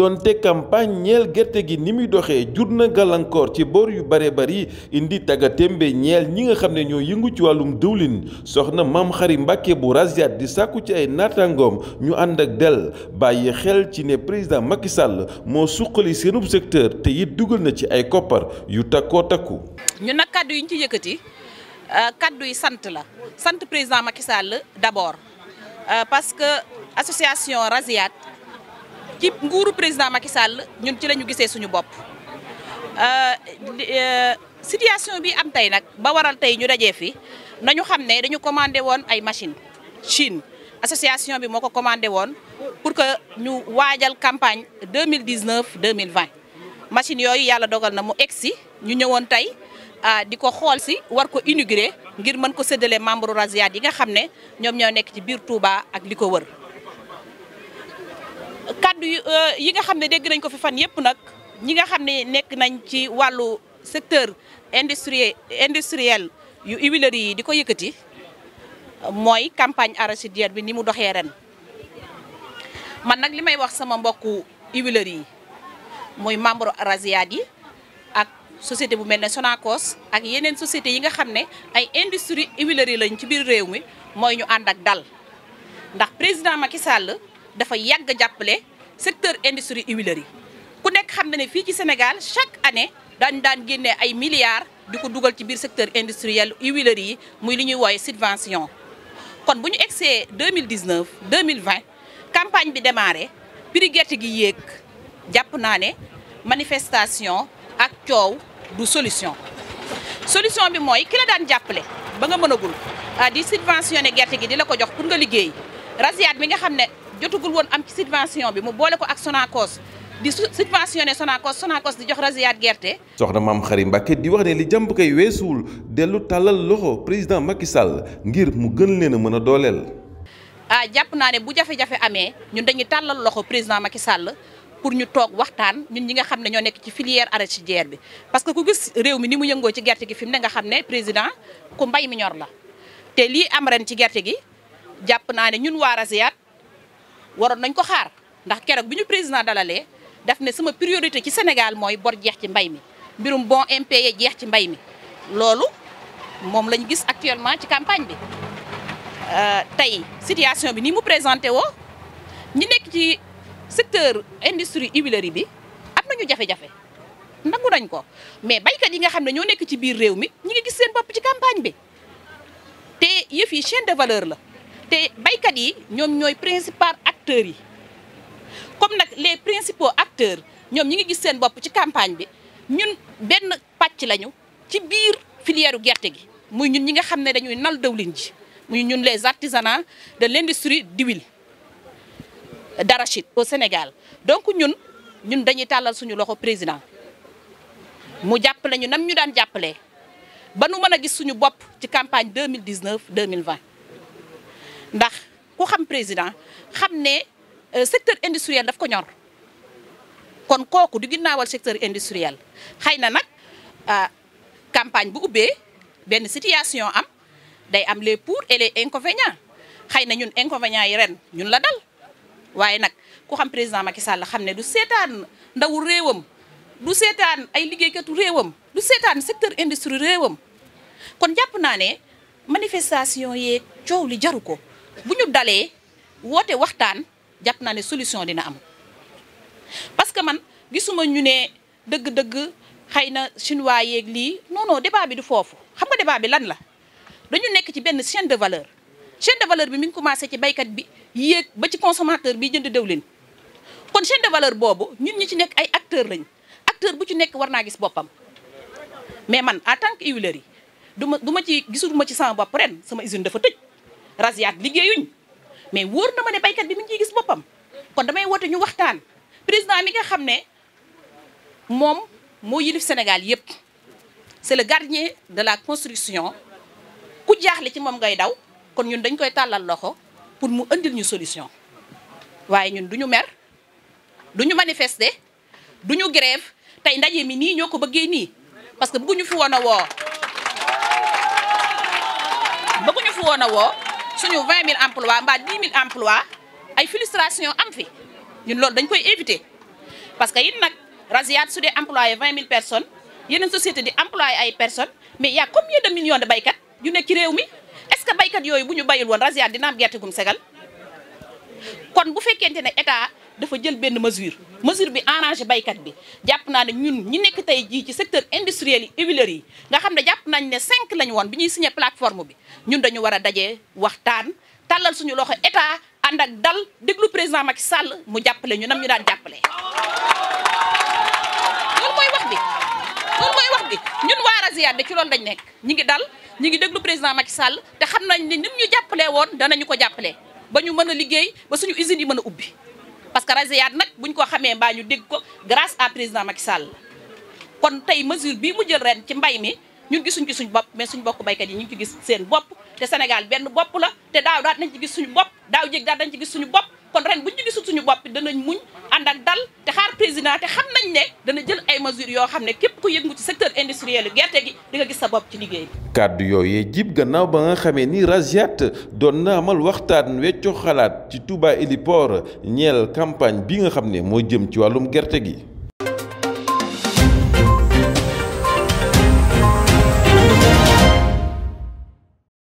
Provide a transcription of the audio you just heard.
donte campagne ñeel gerte gi ni muy doxee jur na gàllankoor ci boor yu bare bari indi tagga témbe ñeel ñi nga xam ne ñoo yëngu ci wàllum diwlin soxna maam xari mbàkke bu Rasiat di sàkku ci ay naataangoom ñu ànd ak del bàyyi xel ci ne président Macky Sall moo suqali seenub secteur te it dugal na ci ay koppar yu takkoo takku ñu nag kàddu yi ñu ci yëkkati euh, kàddu yi sant la sant président Macky Sall d'abord euh, parce que association Rasiat ci nguuru président Macky Sall ñun ci lañu ñu gisee suñu bopp euh, euh, situation bi am tey nag ba waral tey ñu dajee fi nañu xam ne dañu commandé woon ay machine Chine association bi moo ko commandé woon pour que ñu waajal campagne 2019 2020 machine yooyu yàlla dogal na mu egg si ñu ñëwoon tey euh, di ko xool si war ko inauguré ngir mën ko séddale membre Razia yi nga xam ne ñoom ñoo nekk ci biir Touba ak li ko wër kaddu yi euh, nga xamne ne nañ ko fi fan yépp nak ñi nga xamne ne nekk nañ ci walu secteur industrie industriel yu huileries yi di ko campagne arachidière bi ni mu doxé ren man nak limay wax sama mbokku huileries yi membre Arasiad yi ak société bu mel Sonacos ak yenen société yi nga xamne ay industrie huileries lañ ci bir réew mi moy ñu dal ndax président Macky Sall dafa yàgg secteur industrie huilerie yi ku nekk xam na ne Sénégal chaque année daañu daan génnee ay milliards di ko dugal ci secteur industriel huilerie yi muy li ñuy subventions. subvention kon bu ñu 2019 2020 ...la campagne bi démarré prix gerte gi yéeg jàpp manifestation ak coow du solution solution bi ki la solution est ba nga mën appelé, ah di subventionné gerte gi di la ko jox pour nga liggéey rasiat bi nga xam jotugul won am ci situation bi mu bolé ko ak Sonacos di subventionné Sonacos Sonacos di jox raziat guerté soxna mam kharim mbacké di wax ne li jàmb kay wessoul delu talal loxo président Macky Sall ngir mu gën leen mëna dolél ah japp na ne bu jafé jafé amé ñun dañuy talal loxo président Macky Sall pour ñu tok waxtaan ñun ñi nga xamné ne nek ci filière arachidière bi parce que ku gis réew mi ni mu yëngo ci guerté gi fim né ne nga xamné président ku mbay mi ñor la té li am ren ci guerté gi japp na ne ñun wa raziat waroon nañ ko xaar ndax keroog bi ñu président dalalee daf ne sama priorité ci Sénégal mooy bor jeex ci mbay mi mbirum bon impayé jeex ci mbay mi loolu moom lañ gis actuellement ci campagne bi euh, tey situation bi ni mu présenté woo ñi nekk ci secteur industrie huilerie bi am nañu jafe-jafe nangu nañ ko mais baykat yi nga xam ne ñoo nekk ci biir réew mi ñi ngi gis seen bopp ci campagne bi te yëf yi chaîne de valeur la te baykat yi ñoom ñooy principal acteurs yi comme nag les principaux acteur ñoom ñi ngi gis seen bopp ci campagne bi ñun benn pàcc lañu ci biir filière gerte gi muy ñun ñi nga xam ne dañuy nal dawlin ji muy ñun les artisanats de l'industrie d'huile d'arachide au Sénégal donc ñun ñun dañuy tàllal suñu loxo président mu jàpp lañu nam ñu daan jàppalee ba nu mën a gis suñu bopp ci campagne 2019 2020 ndax ku xam président xam ne euh, secteur industriel daf ko ñor kon kooku du ginnaawal secteur industriel xëy na nag euh, campagne bu ubbee benn situation am day am les pour et les inconvénients xëy na ñun inconvénients yi ren ñun la dal waaye nag ku xam président Macky la xam ne du seetaan ndawu réewam du seetaan ay liggéeykatu réewam du seetaan secteur industrie réewam kon jàpp naa ne manifestation yeeg coow li jaru ko bu ñu dalee woote waxtaan jàpp naa ne solution dina am parce que man gisuma ñu ne dëgg-dëgg xëy na chinois yeeg lii non non débat bi du foofu xam nga débat bi lan la dañu nekk ci benn chaîne de valeur chaîne de valeur bi mi ngi commencé ci baykat bi yéeg ba ci consommateur bi jënd diwlin kon chaîne de valeur boobu ñun ñu ci nekk ay acteur lañ acteur bu ci nekk war naa gis boppam mais man en tant que huilerie yi du ma du ma ci gisul ma ci sama bopp ren sama usine dafa tëj Rasiaat liggéeyuñ mais wóor na ma ne baykat bi mi ngi ciy gis boppam kon damay woote ñu waxtaan président mi nga xam ne moom moo yilif Sénégal yépp c'est le gardien de la construction ku jaaxle ci moom ngay daw kon ñun dañ koy tàllal loxo pour mu indil ñu solution waaye ñun du ñu mer du ñu manifester du ñu grève tey ndaje mi nii ñoo ko bëggee nii parce que bëgguñu fi woon a woo bëgguñu fi woon a woo avons 20 000 emplois 10 000 emplois il frustration a une frustration. Nous dañ éviter parce que it nag 20 000 personnes une société di employé ay personnes mais y' a combien de millions de baykat est ce que baykat de sont bayul de dina am état. dafa jël benn mesure mesure bi arrangé baykat bi jàpp naa ne ñun ñi nekk tey jii ci secteur industriel yi huileries yi nga xam ne jàpp nañ ne cinq lañu woon bi ñuy signé plateforme bi ñun dañu war a dajee waxtaan tàllal suñu loxo état ànd ak dal déglu président Macky sàll mu jàppale ñu nam ñu daan jàppale loolu mooy wax bi loolu mooy wax bi ñun waa Razzia de ci loolu lañ nekk ñi ngi dal ñi ngi déglu président Macky sàll te xam nañ ni nim ñu jàppalee woon danañu ko jàppale ba ñu mën a liggéey ba suñu usines yi mën a ubbi parce que razziyaat nag buñ ko xamee mbaa ñu dégg ko grâce à président Macky Sall kon tey mesure bii mu jël ren ci mbay mi ñun gisuñ ci suñ bopp mais suñ bokk baykat yi ñu ngi ci gis seen bopp te Sénégal benn bopp la te daaw daat nañ ci gis suñu bopp daaw jéeg daat nañ ci gis suñu bopp kon ren buñ ci gisul suñu bopp danañ muñ ànd ak dal te xaar président te xam nañ ne dana jël mesures yoo xam ne képp ku yëngu ci secteur industriel gerte gi di nga gis sa bopp ci liggéey bi. kàddu yooyee jib gannaaw ba nga xamee ni Rasiat doon na amal waxtaan weccoo xalaat ci Touba Héliport ñeel campagne bi nga xam ne moo jëm ci wàllum gerte gi.